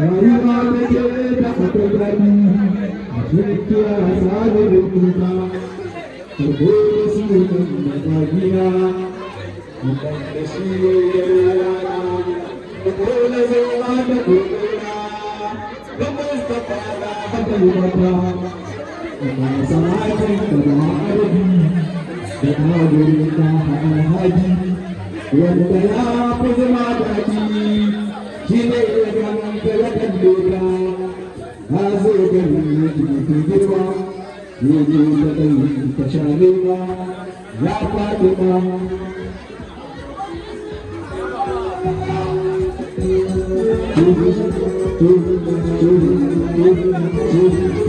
rayuwa ta ke da aka gani a shirkiya sani da kuka karbo ya yi yana zama da yi da Ya Fatima Thank you.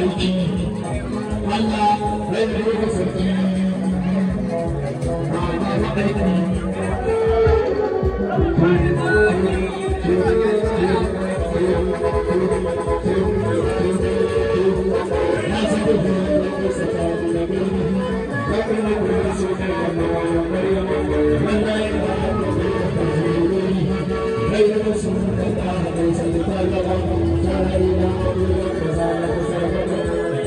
sarki Allah zai zai ka sarki Thank you.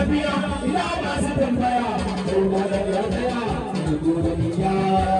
lafiya ina masu tambaya ko da lafiya ko da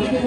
Yeah.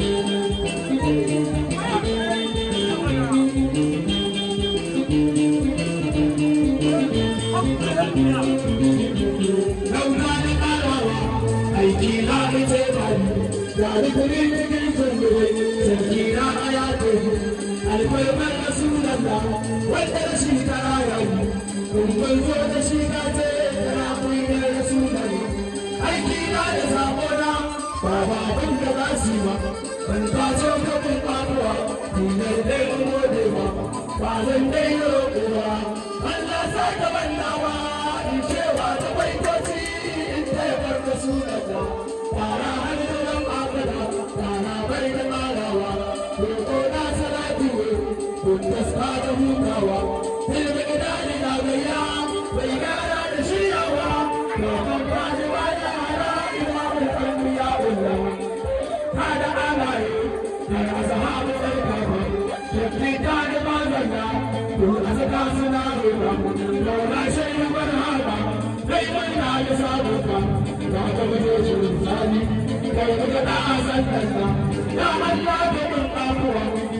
ലാലുപുരി alfarmar rasulalla wadda rashin ta rayu kumbin zo da shi ta ce aiki na da ba ba abin da za su ba ban taso ka ba ba dai ka in cewa ta in تسقى موتاوى في مقدار الأبيع ويقال تشيعوى ومن قال ولا أرى إمام الأنبياء الله هذا أمري أنا أصحاب الكفر يبني كان ما زلنا دون أزكى سنارنا لولا شيء من هذا دايما يسابقنا لا تبدو شيء ثاني كيف تتعاسى يا من لا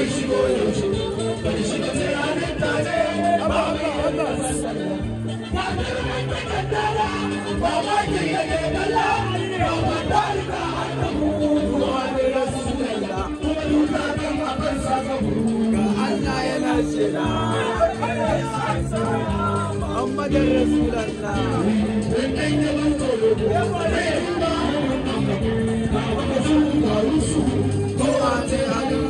kawai shigo yaushe bari ne ranar tare ba mai ba ma da Allah yana shira Muhammadin Rasulallah. a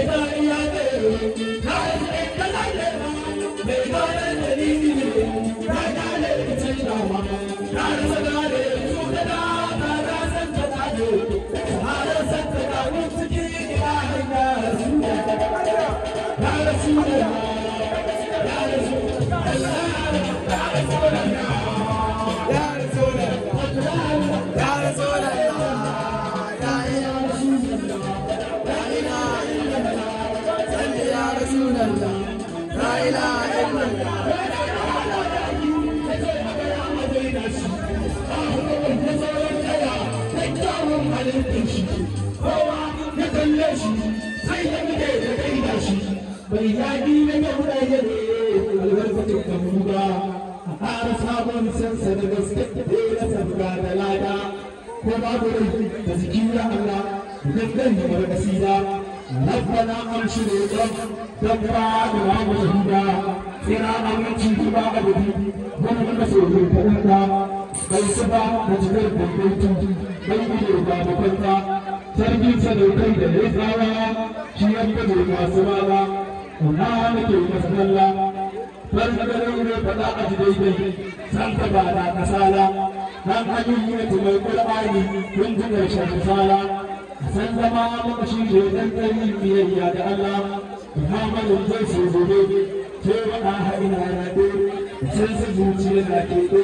ko ba ku dai da zikira Allah da kan da barkasiya rabbana amshire rabb dabba da babu shida sira an ci ci ba ga dubi gun gun da so ku ta kai su ba da jikar da kai tun dai ku da ku ta sarki da kai da ne shi ya ka da masu mala kuna ne ke masallala farka da ne fada a jidai dai san ta ba da kasala dan hannun yi da mai kulɓani rundunar shafisala a san zama makashi da dan ɗari biyayya da Allah Muhammadin zai su zube ke waɗa haɗin haraɗe sun su zuciya na keɓe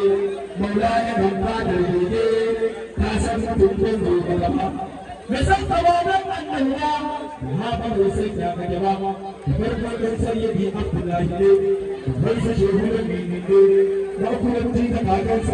maula ya babba da rege ta san mutum ɗin gobe gaba. Me san tsawo don annabuwa Muhammadu sai ya ga gaba farko don sayyabi Abdullahi ne don su shehu da mini ne don kuma mutum da kakansa